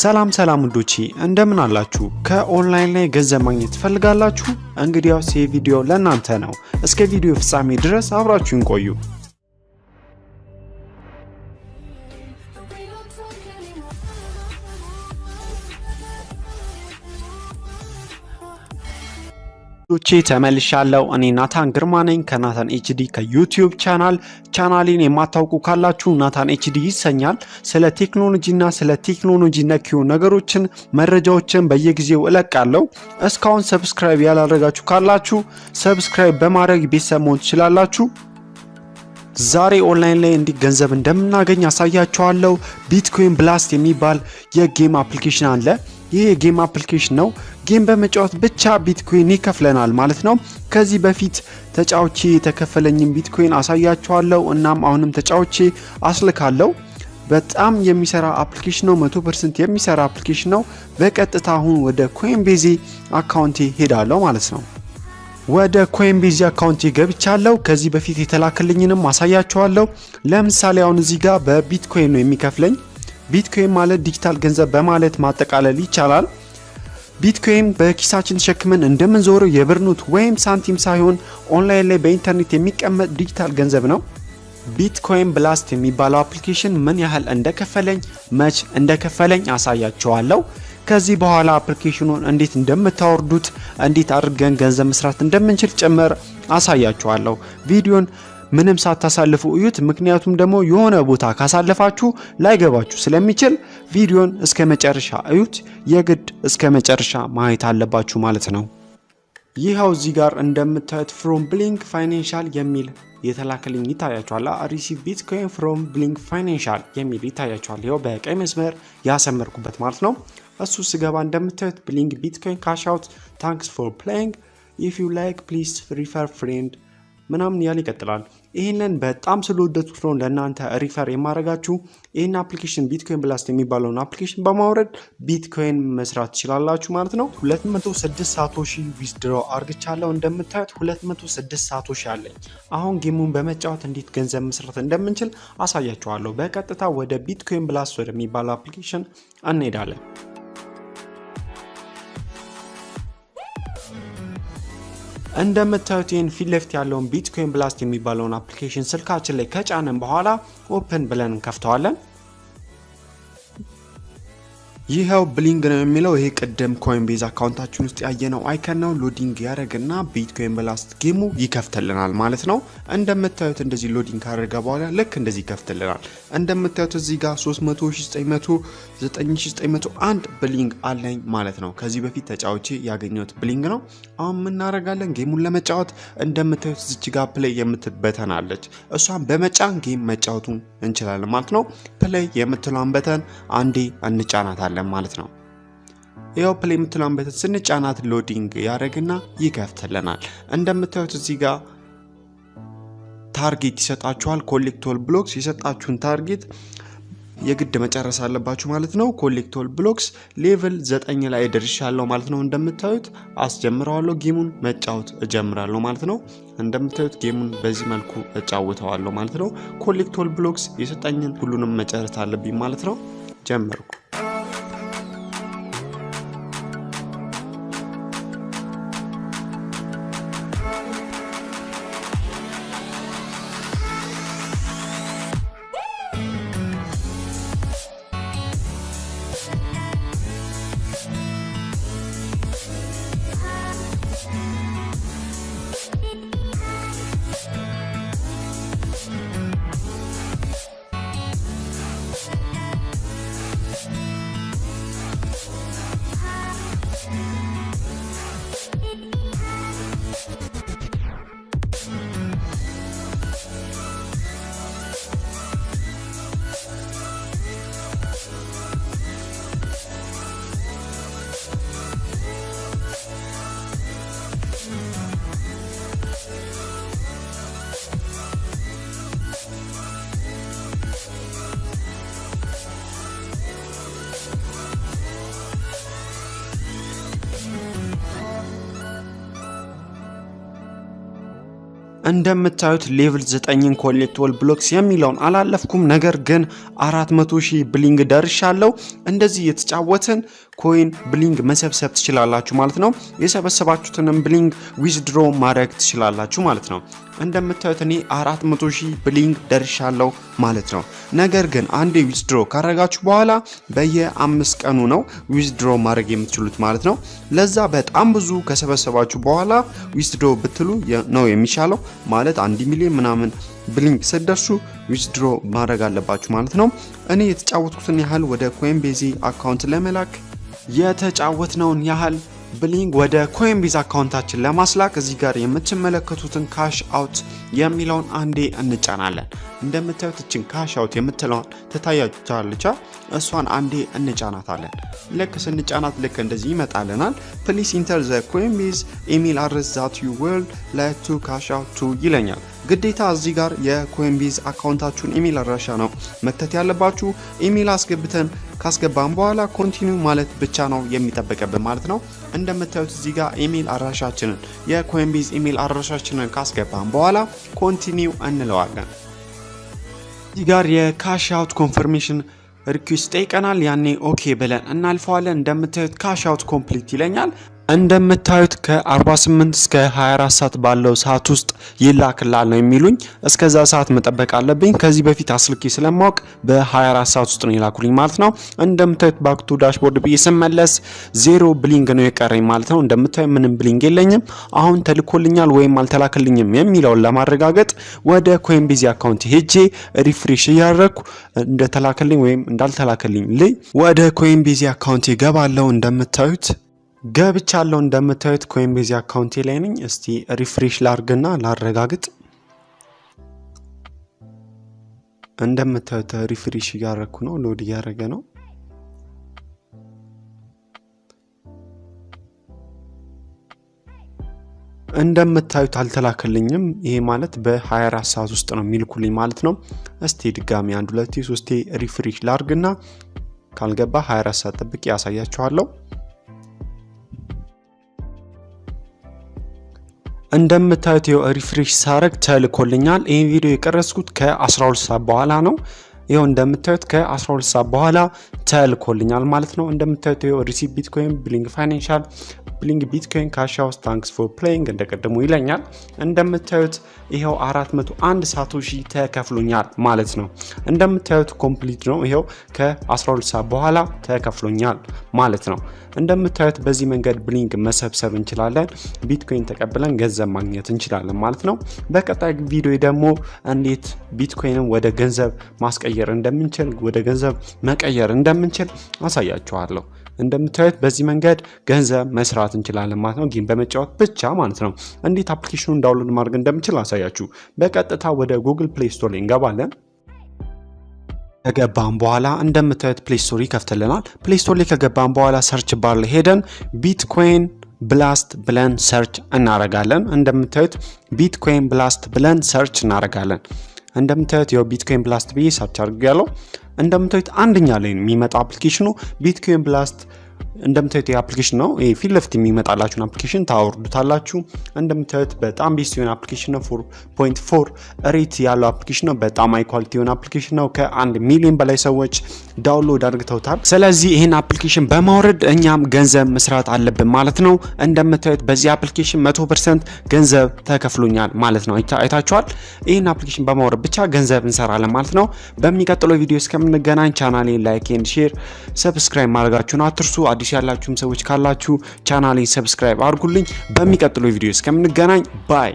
ሰላም ሰላም ውዶቼ እንደምን አላችሁ? ከኦንላይን ላይ ገንዘብ ማግኘት ትፈልጋላችሁ? እንግዲያውስ ይህ ቪዲዮ ለእናንተ ነው። እስከ ቪዲዮ ፍጻሜ ድረስ አብራችሁን ቆዩ። ቶቼ ተመልሻለሁ። እኔ ናታን ግርማ ነኝ ከናታን ኤችዲ ከዩቲዩብ ቻናል። ቻናሊን የማታውቁ ካላችሁ ናታን ኤችዲ ይሰኛል። ስለ ቴክኖሎጂና ስለ ቴክኖሎጂ ነክ ነገሮችን መረጃዎችን በየጊዜው እለቃለሁ። እስካሁን ሰብስክራይብ ያላደረጋችሁ ካላችሁ ሰብስክራይብ በማድረግ ቤተሰብ መሆን ትችላላችሁ። ዛሬ ኦንላይን ላይ እንዲህ ገንዘብ እንደምናገኝ ያሳያችኋለሁ። ቢትኮይን ብላስት የሚባል የጌም አፕሊኬሽን አለ። ይህ የጌም አፕሊኬሽን ነው ጌም በመጫወት ብቻ ቢትኮይን ይከፍለናል ማለት ነው። ከዚህ በፊት ተጫውቼ የተከፈለኝን ቢትኮይን አሳያችኋለሁ። እናም አሁንም ተጫውቼ አስልካለሁ። በጣም የሚሰራ አፕሊኬሽን ነው። 100% የሚሰራ አፕሊኬሽን ነው። በቀጥታ አሁን ወደ ኮይንቤዚ አካውንቴ ሄዳለሁ ማለት ነው። ወደ ኮይንቤዚ አካውንቴ ገብቻለሁ። ከዚህ በፊት የተላከልኝንም አሳያችኋለሁ። ለምሳሌ አሁን እዚህ ጋር በቢትኮይን ነው የሚከፍለኝ። ቢትኮይን ማለት ዲጂታል ገንዘብ በማለት ማጠቃለል ይቻላል። ቢትኮይን በኪሳችን ተሸክመን እንደምንዞረው የብርኑት ወይም ሳንቲም ሳይሆን ኦንላይን ላይ በኢንተርኔት የሚቀመጥ ዲጂታል ገንዘብ ነው። ቢትኮይን ብላስት የሚባለው አፕሊኬሽን ምን ያህል እንደከፈለኝ መች እንደከፈለኝ አሳያቸዋለሁ። ከዚህ በኋላ አፕሊኬሽኑን እንዴት እንደምታወርዱት እንዴት አድርገን ገንዘብ መስራት እንደምንችል ጭምር አሳያችኋለሁ። ቪዲዮን ምንም ሳታሳልፉ እዩት። ምክንያቱም ደግሞ የሆነ ቦታ ካሳለፋችሁ ላይገባችሁ ስለሚችል ቪዲዮን እስከ መጨረሻ እዩት። የግድ እስከ መጨረሻ ማየት አለባችሁ ማለት ነው። ይኸው እዚህ ጋር እንደምታዩት ፍሮም ብሊንክ ፋይናንሻል የሚል የተላከልኝ ይታያችኋል። ሪሲቭ ቢትኮይን ፍሮም ብሊንክ ፋይናንሻል የሚል ይታያችኋል። ይኸው በቀይ መስመር ያሰመርኩበት ማለት ነው። እሱ ስገባ እንደምታዩት ብሊንክ ቢትኮይን ካሽ አውት ታንክስ ፎር ፕሌይንግ ኢፍ ዩ ላይክ ፕሊስ ሪፈር ፍሬንድ ምናምን ያለ ይቀጥላል። ይህንን በጣም ስለወደቱት ነው ለእናንተ ሪፈር የማድረጋችሁ። ይህን አፕሊኬሽን ቢትኮይን ብላስት የሚባለውን አፕሊኬሽን በማውረድ ቢትኮይን መስራት ትችላላችሁ ማለት ነው። 206 ሳቶሺ ዊዝድሮ አርግቻለሁ። እንደምታዩት 206 ሳቶሺ አለኝ። አሁን ጌሙን በመጫወት እንዴት ገንዘብ መስራት እንደምንችል አሳያችኋለሁ። በቀጥታ ወደ ቢትኮይን ብላስት ወደሚባለው አፕሊኬሽን እንሄዳለን። እንደምታዩት ይህን ፊት ለፊት ያለውን ቢትኮይን ብላስት የሚባለውን አፕሊኬሽን ስልካችን ላይ ከጫንን በኋላ ኦፕን ብለን እንከፍተዋለን። ይኸው ብሊንግ ነው የሚለው ይሄ ቅድም ኮይን ቤዝ አካውንታችን ውስጥ ያየነው አይከን ነው። ሎዲንግ ያደረግና ቢትኮይን በላስት ጌሙ ይከፍትልናል ማለት ነው። እንደምታዩት እንደዚህ ሎዲንግ ካደረገ በኋላ ልክ እንደዚህ ይከፍትልናል። እንደምታዩት እዚህ ጋር 3991 ብሊንግ አለኝ ማለት ነው። ከዚህ በፊት ተጫዋቼ ያገኘሁት ብሊንግ ነው። አሁን የምናደርጋለን ጌሙን ለመጫወት እንደምታዩት እዚች ጋር ፕሌይ የምትበተናለች እሷን በመጫን ጌም መጫወቱን እንችላለን ማለት ነው። ፕሌይ የምትሏን በተን አንዴ እንጫናታለን እንችላለን ማለት ነው። ኤዮፕሌ ፕሌይ የምትለውን በተን ስንጫናት ሎዲንግ ያደረግና ይከፍትልናል። እንደምታዩት እዚህ ጋር ታርጌት ይሰጣችኋል። ኮሌክቶል ብሎክስ የሰጣችሁን ታርጌት የግድ መጨረስ አለባችሁ ማለት ነው። ኮሌክቶል ብሎክስ ሌቭል ዘጠኝ ላይ ደርሻለሁ ማለት ነው። እንደምታዩት አስጀምረዋለሁ፣ ጌሙን መጫወት እጀምራለሁ ማለት ነው። እንደምታዩት ጌሙን በዚህ መልኩ እጫወተዋለሁ ማለት ነው። ኮሌክቶል ብሎክስ የሰጠኝን ሁሉንም መጨረስ አለብኝ ማለት ነው። ጀመርኩ። እንደምታዩት ሌቭል 9ን ኮሌክትወል ብሎክስ የሚለውን አላለፍኩም፣ ነገር ግን 400 ሺህ ብሊንግ ደርሻለሁ። እንደዚህ የተጫወትን ኮይን ብሊንግ መሰብሰብ ትችላላችሁ ማለት ነው። የሰበሰባችሁትንም ብሊንግ ዊዝድሮ ማድረግ ትችላላችሁ ማለት ነው። እንደምታዩት እኔ 400 ሺህ ብሊንግ ደርሻለሁ ማለት ነው። ነገር ግን አንዴ ዊዝድሮ ካረጋችሁ በኋላ በየአምስት ቀኑ ነው ዊዝድሮ ማድረግ የምትችሉት ማለት ነው። ለዛ በጣም ብዙ ከሰበሰባችሁ በኋላ ዊዝድሮ ብትሉ ነው የሚሻለው ማለት አንድ ሚሊዮን ምናምን ብሊንግ ስደርሱ ዊዝድሮ ማድረግ አለባችሁ ማለት ነው። እኔ የተጫወትኩትን ያህል ወደ ኮይንቤዚ አካውንት ለመላክ የተጫወትነውን ያህል ብሊንግ ወደ ኮይንቢዝ አካውንታችን ለማስላክ እዚህ ጋር የምትመለከቱትን ካሽ አውት የሚለውን አንዴ እንጫናለን። እንደምታዩት እችን ካሽ አውት የምትለውን ትታያችኋለች። እሷን አንዴ እንጫናታለን። ልክ ስንጫናት ልክ እንደዚህ ይመጣልናል። ፕሊስ ኢንተር ዘ ኮይንቤዝ ኢሜል አድረስ ዛት ዩ ዊል ላይክ ቱ ካሽ አውት ቱ ይለኛል። ግዴታ እዚህ ጋር የኮይንቤዝ አካውንታችሁን ኢሜል አድራሻ ነው መክተት ያለባችሁ። ኢሜል አስገብተን ካስገባን በኋላ ኮንቲኒው ማለት ብቻ ነው የሚጠበቅብን ማለት ነው። እንደምታዩት እዚህ ጋር ኢሜል አድራሻችንን የኮይንቤዝ ኢሜል አድራሻችንን ካስገባን በኋላ ኮንቲኒው እንለዋለን። እዚህ ጋር የካሽ አውት ኮንፈርሜሽን ሪኩዌስት ጠይቀናል። ያኔ ኦኬ ብለን እናልፈዋለን። እንደምታዩት ካሽ አውት ኮምፕሊት ይለኛል። እንደምታዩት ከ48 እስከ 24 ሰዓት ባለው ሰዓት ውስጥ ይላክላል ነው የሚሉኝ። እስከዛ ሰዓት መጠበቅ አለብኝ። ከዚህ በፊት አስልኬ ስለማወቅ በ24 ሰዓት ውስጥ ነው ይላኩልኝ ማለት ነው። እንደምታዩት ባክቱ ዳሽቦርድ ብዬ ስመለስ ዜሮ ብሊንግ ነው የቀረኝ ማለት ነው። እንደምታዩ ምንም ብሊንግ የለኝም። አሁን ተልኮልኛል ወይም አልተላክልኝም የሚለውን ለማረጋገጥ ወደ ኮንቢዚ አካውንት ሄጄ ሪፍሬሽ እያረኩ እንደተላክልኝ ወይም እንዳልተላክልኝ ልይ ወደ ኮይንቤዚ አካውንት ይገባለው እንደምታዩት ገብቻለሁ። እንደምታዩት ኮይንቤዝ አካውንቴ ላይ ነኝ። እስቲ ሪፍሬሽ ላርግና ላረጋግጥ። እንደምታዩት ሪፍሬሽ እያረግኩ ነው፣ ሎድ እያረገ ነው። እንደምታዩት አልተላከልኝም። ይሄ ማለት በ24 ሰዓት ውስጥ ነው የሚልኩልኝ ማለት ነው። እስቲ ድጋሚ አንድ ሁለቴ ሶስቴ ሪፍሬሽ ላርግና ካልገባ 24 ሰዓት ጠብቄ ያሳያችኋለሁ። እንደምታዩት ይኸው ሪፍሬሽ ሳረግ ተልኮልኛል። ይህን ቪዲዮ የቀረስኩት ከ12 ሰዓት በኋላ ነው። ይኸው እንደምታዩት ከ12 ሰዓት በኋላ ተልኮልኛል ማለት ነው። እንደምታዩት ሪሲቭ ቢትኮይን ብሊንግ ፋይናንሻል ብሊንግ ቢትኮይን ካሽ ታንክስ ፎር ፕሌይንግ እንደቀደሙ ይለኛል። እንደምታዩት ይኸው 401 ሳቶሺ ተከፍሎኛል ማለት ነው። እንደምታዩት ኮምፕሊት ነው። ይኸው ከ12 ሰዓት በኋላ ተከፍሎኛል ማለት ነው። እንደምታዩት በዚህ መንገድ ብሊንግ መሰብሰብ እንችላለን። ቢትኮይን ተቀብለን ገንዘብ ማግኘት እንችላለን ማለት ነው። በቀጣይ ቪዲዮ ደግሞ እንዴት ቢትኮይንን ወደ ገንዘብ ማስቀየር እንደምንችል ወደ ገንዘብ መቀየር እንደምንችል እንደምንችል አሳያችኋለሁ። እንደምታዩት በዚህ መንገድ ገንዘብ መስራት እንችላለን ማለት ነው። ጌም በመጫወት ብቻ ማለት ነው። እንዴት አፕሊኬሽኑን ዳውንሎድ ማድረግ እንደምችል አሳያችሁ። በቀጥታ ወደ ጉግል ፕሌይ ስቶር ላይ እንገባለን። ከገባን በኋላ እንደምታዩት ፕሌይ ስቶር ይከፍትልናል። ፕሌይ ስቶር ላይ ከገባን በኋላ ሰርች ባር ላይ ሄደን ቢትኮይን ብላስት ብለን ሰርች እናረጋለን። እንደምታዩት ቢትኮይን ብላስት ብለን ሰርች እናረጋለን። እንደምታዩት የቢትኮይን ብላስት ብዬ ሰርች አድርጌያለሁ። እንደምታዩት አንደኛ ላይ የሚመጣ አፕሊኬሽኑ ቢትኮይን ብላስት እንደምታዩት የአፕሊኬሽን ነው። ፊት ለፊት የሚመጣላችሁን አፕሊኬሽን ታወርዱታላችሁ። እንደምታዩት በጣም ቤስት የሆነ አፕሊኬሽን ነው። ፎር ፖይንት ፎር ሬት ያለው አፕሊኬሽን ነው። በጣም ሃይ ኳሊቲ የሆነ አፕሊኬሽን ነው። ከአንድ ሚሊዮን በላይ ሰዎች ዳውንሎድ አድርግተውታል። ስለዚህ ይህን አፕሊኬሽን በማውረድ እኛም ገንዘብ መስራት አለብን ማለት ነው። እንደምታዩት በዚህ አፕሊኬሽን መቶ ፐርሰንት ገንዘብ ተከፍሎኛል ማለት ነው። አይታችኋል። ይህን አፕሊኬሽን በማውረድ ብቻ ገንዘብ እንሰራለን ማለት ነው። በሚቀጥለው ቪዲዮ እስከምንገናኝ ቻናሌን ላይክ ኤንድ ሼር ሰብስክራይብ ማድረጋችሁን አትርሱ። አዲስ ያላችሁም ሰዎች ካላችሁ ቻናሌን ሰብስክራይብ አድርጉልኝ። በሚቀጥለው ቪዲዮ እስከምንገናኝ ባይ